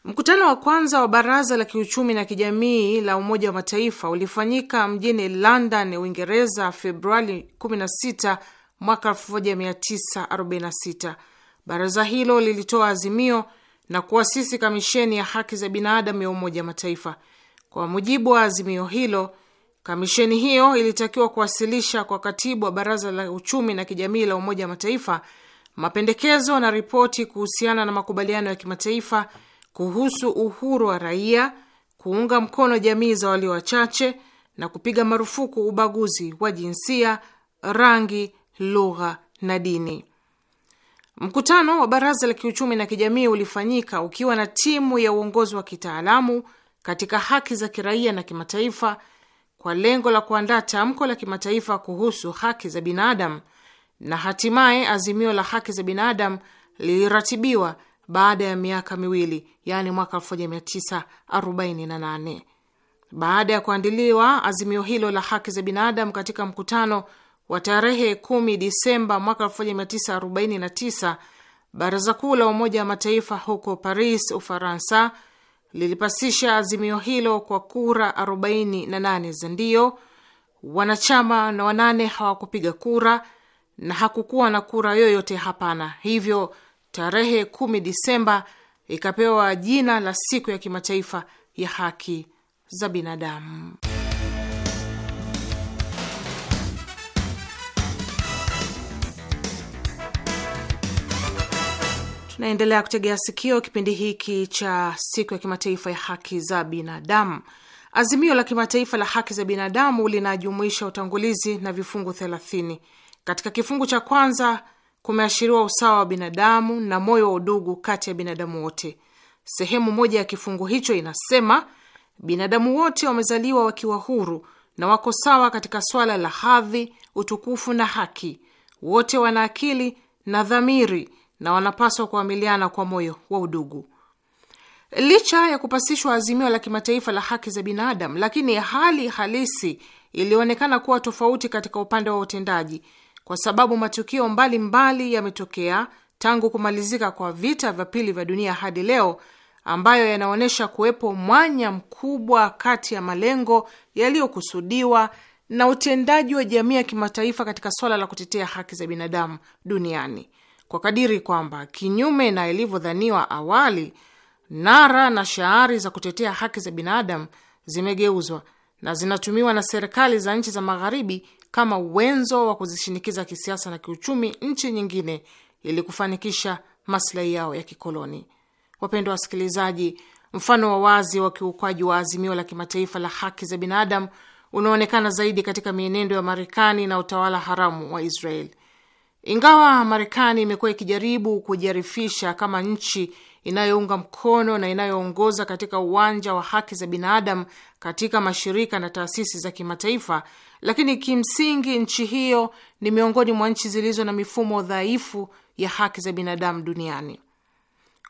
Mkutano wa kwanza wa Baraza la Kiuchumi na Kijamii la Umoja wa Mataifa ulifanyika mjini London, Uingereza, Februari 16 mwaka 1946. Baraza hilo lilitoa azimio na kuasisi Kamisheni ya Haki za Binadamu ya Umoja wa Mataifa. Kwa mujibu wa azimio hilo, kamisheni hiyo ilitakiwa kuwasilisha kwa katibu wa Baraza la Uchumi na Kijamii la Umoja wa Mataifa mapendekezo na ripoti kuhusiana na makubaliano ya kimataifa kuhusu uhuru wa raia, kuunga mkono jamii za walio wachache na kupiga marufuku ubaguzi wa jinsia, rangi, lugha na dini. Mkutano wa Baraza la Kiuchumi na Kijamii ulifanyika ukiwa na timu ya uongozi wa kitaalamu katika haki za kiraia na kimataifa kwa lengo la kuandaa tamko la kimataifa kuhusu haki za binadamu, na hatimaye azimio la haki za binadamu liliratibiwa baada ya miaka miwili, yaani mwaka 1948 baada ya kuandiliwa azimio hilo la haki za binadamu katika mkutano wa tarehe 10 Disemba mwaka 1949, Baraza Kuu la Umoja wa Mataifa huko Paris, Ufaransa, lilipasisha azimio hilo kwa kura 48 za ndio, wanachama na wanane hawakupiga kura na hakukuwa na kura yoyote hapana. Hivyo tarehe 10 Disemba ikapewa jina la siku ya kimataifa ya haki za binadamu. Tunaendelea kutegea sikio kipindi hiki cha siku ya kimataifa ya haki za binadamu. Azimio la kimataifa la haki za binadamu linajumuisha utangulizi na vifungu thelathini. Katika kifungu cha kwanza kumeashiriwa usawa wa binadamu na moyo wa udugu kati ya binadamu wote. Sehemu moja ya kifungu hicho inasema, binadamu wote wamezaliwa wakiwa huru na wako sawa katika swala la hadhi, utukufu na haki. Wote wana akili na dhamiri na wanapaswa kuamiliana kwa moyo wa udugu. Licha ya kupasishwa azimio la kimataifa la haki za binadamu, lakini hali halisi ilionekana kuwa tofauti katika upande wa utendaji kwa sababu matukio mbalimbali yametokea tangu kumalizika kwa vita vya pili vya dunia hadi leo ambayo yanaonyesha kuwepo mwanya mkubwa kati ya malengo yaliyokusudiwa na utendaji wa jamii ya kimataifa katika swala la kutetea haki za binadamu duniani, kwa kadiri kwamba kinyume na ilivyodhaniwa awali, nara na shaari za kutetea haki za binadamu zimegeuzwa na zinatumiwa na serikali za nchi za Magharibi kama wenzo wa kuzishinikiza kisiasa na kiuchumi nchi nyingine ili kufanikisha maslahi yao ya kikoloni. Wapendwa wasikilizaji, mfano wa wazi wa kiukwaji wa azimio la kimataifa la haki za binadamu unaonekana zaidi katika mienendo ya Marekani na utawala haramu wa Israel. Ingawa Marekani imekuwa ikijaribu kujiarifisha kama nchi inayounga mkono na inayoongoza katika uwanja wa haki za binadamu katika mashirika na taasisi za kimataifa, lakini kimsingi nchi hiyo ni miongoni mwa nchi zilizo na mifumo dhaifu ya haki za binadamu duniani.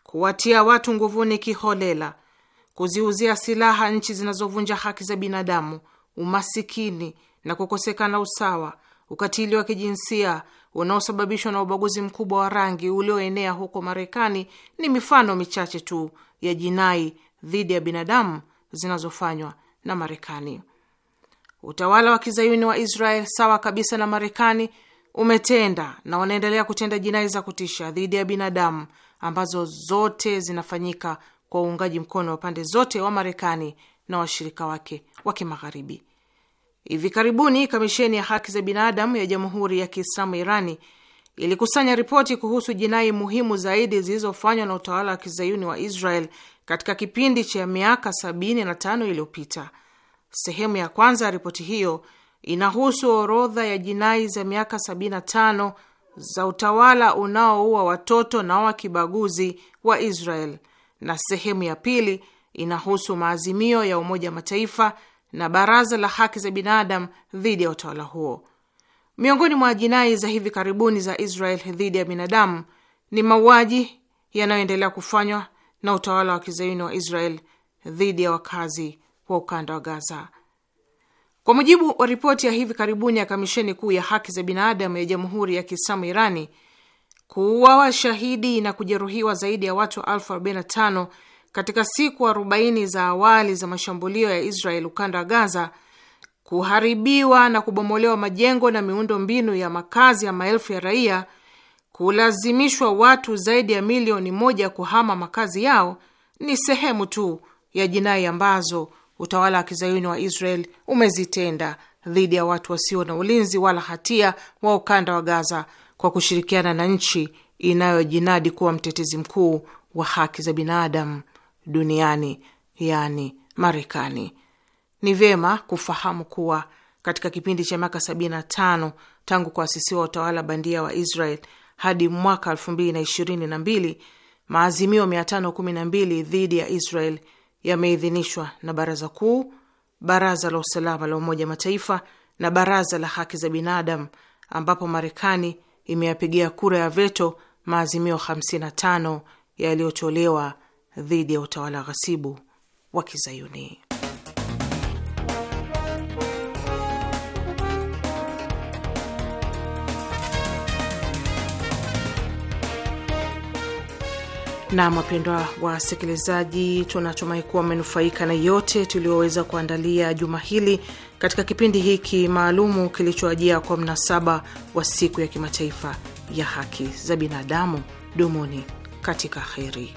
Kuwatia watu nguvuni kiholela, kuziuzia silaha nchi zinazovunja haki za binadamu, umasikini na kukosekana usawa, ukatili wa kijinsia unaosababishwa na ubaguzi mkubwa wa rangi ulioenea huko Marekani ni mifano michache tu ya jinai dhidi ya binadamu zinazofanywa na Marekani. Utawala wa kizayuni wa Israel, sawa kabisa na Marekani, umetenda na wanaendelea kutenda jinai za kutisha dhidi ya binadamu ambazo zote zinafanyika kwa uungaji mkono wa pande zote wa Marekani na washirika wake wa kimagharibi. Hivi karibuni kamisheni ya haki za binadamu ya Jamhuri ya Kiislamu Irani ilikusanya ripoti kuhusu jinai muhimu zaidi zilizofanywa na utawala wa kizayuni wa Israel katika kipindi cha miaka 75 iliyopita. Sehemu ya kwanza ya ripoti hiyo inahusu orodha ya jinai za miaka 75 za utawala unaoua watoto na wa kibaguzi wa Israel, na sehemu ya pili inahusu maazimio ya Umoja Mataifa na Baraza la Haki za Binadamu dhidi ya utawala huo. Miongoni mwa jinai za hivi karibuni za Israel dhidi ya binadamu ni mauaji yanayoendelea kufanywa na utawala wa kizayuni wa Israel dhidi ya wakazi wa ukanda wa Gaza. Kwa mujibu wa ripoti ya hivi karibuni ya Kamisheni Kuu ya Haki za Binadamu ya Jamhuri ya Kiislamu Irani, kuuawa shahidi na kujeruhiwa zaidi ya watu elfu arobaini na tano katika siku arobaini za awali za mashambulio ya Israel ukanda wa Gaza, kuharibiwa na kubomolewa majengo na miundo mbinu ya makazi ya maelfu ya raia, kulazimishwa watu zaidi ya milioni moja kuhama makazi yao ni sehemu tu ya jinai ambazo utawala wa kizayuni wa Israel umezitenda dhidi ya watu wasio na ulinzi wala hatia wa ukanda wa Gaza kwa kushirikiana na nchi inayojinadi kuwa mtetezi mkuu wa haki za binadamu duniani, yaani Marekani. Ni vyema kufahamu kuwa katika kipindi cha miaka 75 tangu kuasisiwa utawala bandia wa Israel hadi mwaka 2022 maazimio 512 dhidi ya Israel yameidhinishwa na Baraza Kuu, Baraza la Usalama la Umoja Mataifa na Baraza la Haki za Binadamu, ambapo Marekani imeyapigia kura ya veto maazimio 55 yaliyotolewa dhidi ya utawala ghasibu wa Kizayuni. na wapendwa wasikilizaji, tunatumai kuwa amenufaika na yote tuliyoweza kuandalia juma hili katika kipindi hiki maalumu kilichoajia kwa mnasaba wa siku ya kimataifa ya haki za binadamu. Dumuni katika kheri.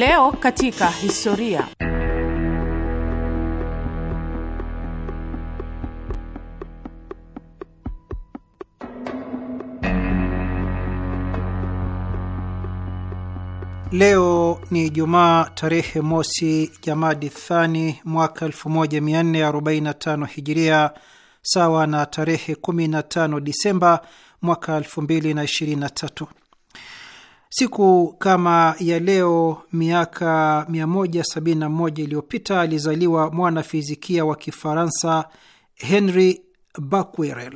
Leo katika historia. Leo ni Jumaa tarehe mosi Jamadi Thani mwaka 1445 Hijiria, sawa na tarehe 15 Disemba mwaka 2023. Siku kama ya leo miaka 171 iliyopita alizaliwa mwanafizikia wa Kifaransa Henry Becquerel.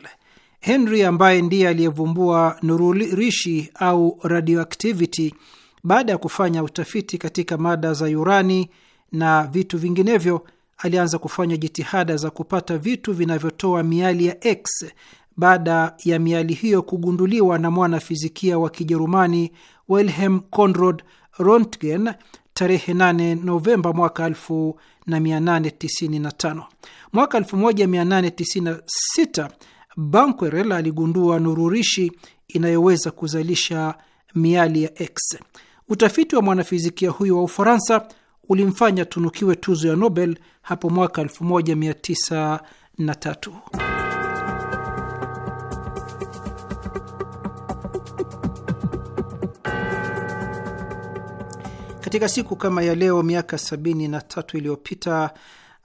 Henry ambaye ndiye aliyevumbua nururishi au radioactivity baada ya kufanya utafiti katika mada za urani na vitu vinginevyo, alianza kufanya jitihada za kupata vitu vinavyotoa miali ya X baada ya miali hiyo kugunduliwa na mwanafizikia wa Kijerumani Wilhelm Conrad Rontgen tarehe 8 Novemba mwaka 1895. Mwaka 1896 Banquerel aligundua nururishi inayoweza kuzalisha miali ya X. Utafiti wa mwanafizikia huyo wa Ufaransa ulimfanya tunukiwe tuzo ya Nobel hapo mwaka 1903. Katika siku kama ya leo miaka tatu iliyopita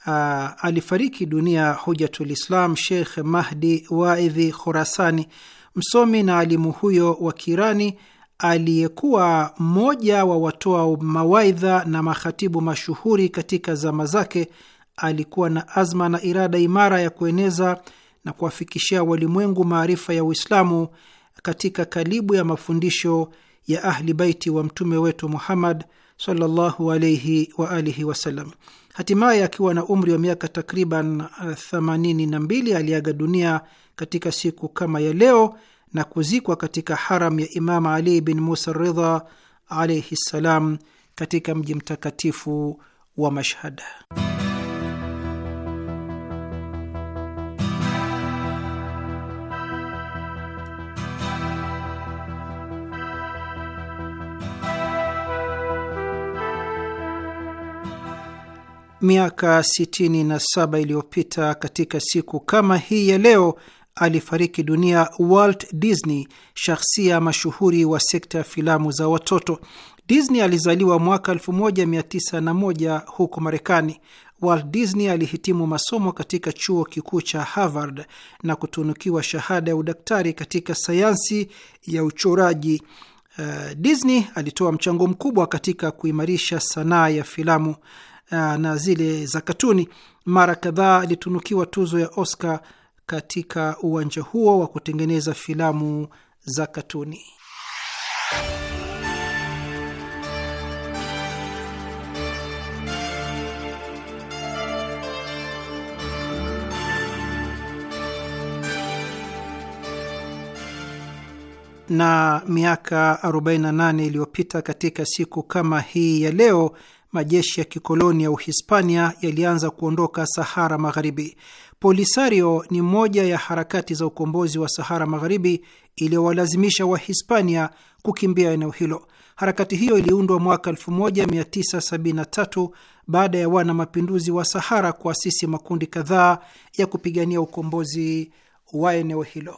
uh, alifariki dunia Hujatul Islam Sheikh Mahdi Waidhi Khorasani, msomi na alimu huyo wa Kirani aliyekuwa mmoja wa watoa mawaidha na makhatibu mashuhuri katika zama zake. Alikuwa na azma na irada imara ya kueneza na kuwafikishia walimwengu maarifa ya Uislamu katika kalibu ya mafundisho ya Ahli Baiti wa mtume wetu Muhammad sallallahu alaihi wa alihi wasallam. Hatimaye akiwa na umri wa miaka takriban 82 uh, aliaga dunia katika siku kama ya leo na kuzikwa katika haram ya Imam Ali bin Musa Ridha alaihi ssalam katika mji mtakatifu wa mashhada miaka 67 iliyopita katika siku kama hii ya leo alifariki dunia Walt Disney, shahsia mashuhuri wa sekta ya filamu za watoto. Disney alizaliwa mwaka 1901 huko Marekani. Walt Disney alihitimu masomo katika chuo kikuu cha Harvard na kutunukiwa shahada ya udaktari katika sayansi ya uchoraji. Uh, Disney alitoa mchango mkubwa katika kuimarisha sanaa ya filamu. Ah, na zile za katuni. Mara kadhaa alitunukiwa tuzo ya Oscar katika uwanja huo wa kutengeneza filamu za katuni. Na miaka 48 iliyopita katika siku kama hii ya leo majeshi ya kikoloni ya Uhispania yalianza kuondoka Sahara Magharibi. Polisario ni moja ya harakati za ukombozi wa Sahara Magharibi iliyowalazimisha Wahispania kukimbia eneo hilo. Harakati hiyo iliundwa mwaka 1973 baada ya wana mapinduzi wa Sahara kuasisi makundi kadhaa ya kupigania ukombozi wa eneo hilo.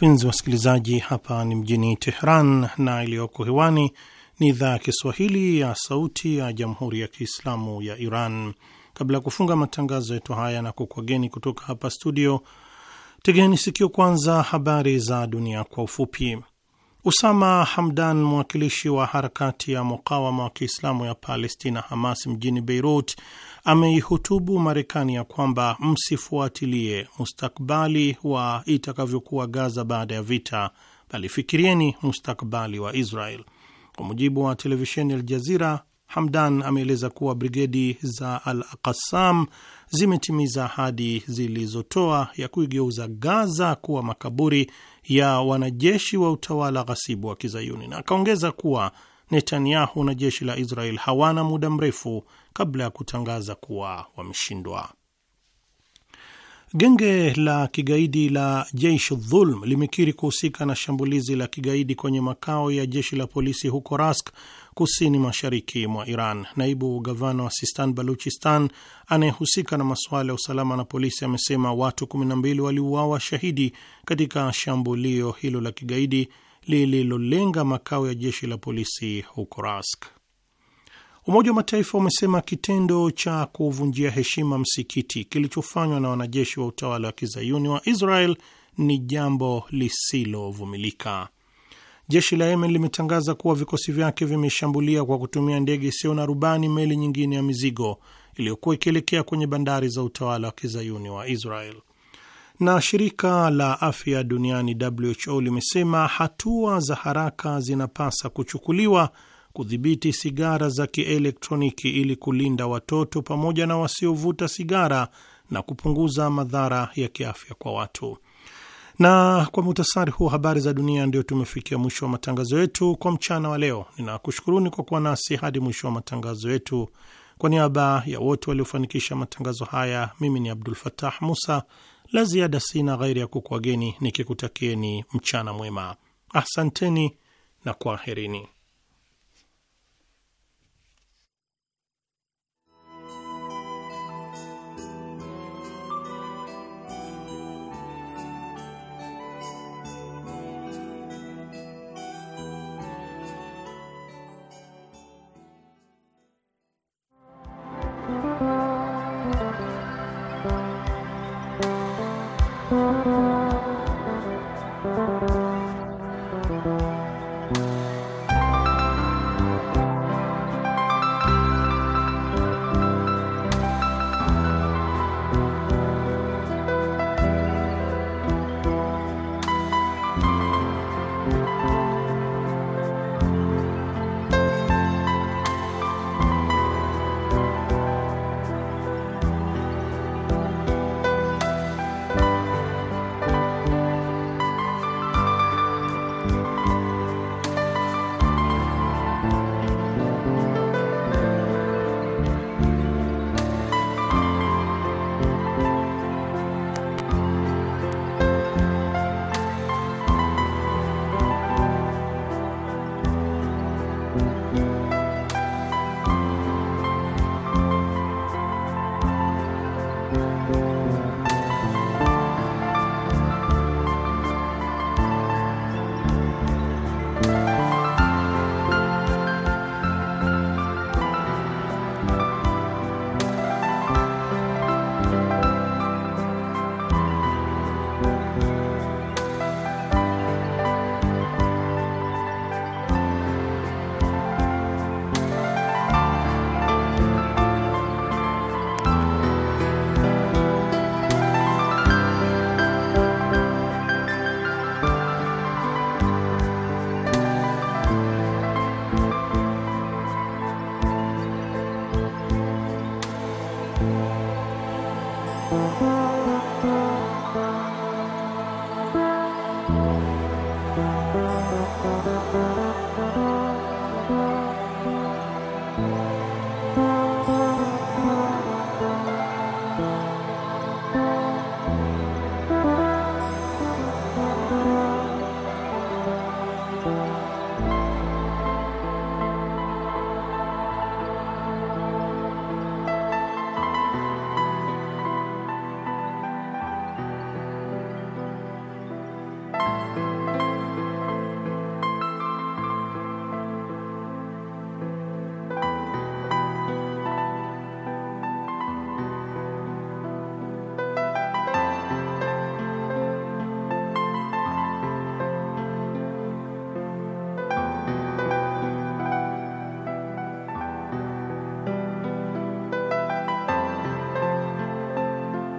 wapenzi wasikilizaji, hapa ni mjini Tehran na iliyoko hewani ni idhaa ya Kiswahili ya Sauti ya Jamhuri ya Kiislamu ya Iran. Kabla ya kufunga matangazo yetu haya na kukwageni kutoka hapa studio, tegeni sikio kwanza habari za dunia kwa ufupi. Usama Hamdan, mwakilishi wa harakati ya mukawama wa Kiislamu ya Palestina, Hamas, mjini Beirut, ameihutubu Marekani ya kwamba msifuatilie mustakbali wa itakavyokuwa Gaza baada ya vita, bali fikirieni mustakbali wa Israel. Kwa mujibu wa televisheni Al Jazira, Hamdan ameeleza kuwa brigedi za Al Aqassam zimetimiza ahadi zilizotoa ya kuigeuza Gaza kuwa makaburi ya wanajeshi wa utawala ghasibu wa Kizayuni, na akaongeza kuwa Netanyahu na jeshi la Israel hawana muda mrefu kabla ya kutangaza kuwa wameshindwa. Genge la kigaidi la Jeish Dhulm limekiri kuhusika na shambulizi la kigaidi kwenye makao ya jeshi la polisi huko Rask kusini mashariki mwa Iran. Naibu gavana wa Sistan Baluchistan anayehusika na masuala ya usalama na polisi amesema watu 12 waliuawa shahidi katika shambulio hilo la kigaidi lililolenga makao ya jeshi la polisi huko Rask. Umoja wa Mataifa umesema kitendo cha kuvunjia heshima msikiti kilichofanywa na wanajeshi wa utawala wa kizayuni wa Israel ni jambo lisilovumilika. Jeshi la Yemen limetangaza kuwa vikosi vyake vimeshambulia kwa kutumia ndege isiyo na rubani meli nyingine ya mizigo iliyokuwa ikielekea kwenye bandari za utawala wa kizayuni wa Israel. Na shirika la afya duniani WHO limesema hatua za haraka zinapasa kuchukuliwa kudhibiti sigara za kielektroniki ili kulinda watoto pamoja na wasiovuta sigara na kupunguza madhara ya kiafya kwa watu. Na kwa muhtasari huu habari za dunia, ndio tumefikia mwisho wa matangazo yetu kwa mchana wa leo. Ninakushukuruni kwa kuwa nasi hadi mwisho wa matangazo yetu. Kwa niaba ya wote waliofanikisha matangazo haya, mimi ni Abdul Fatah Musa. La ziada sina ghairi ya kukwageni nikikutakieni mchana mwema. Asanteni na kwaherini. Thank you.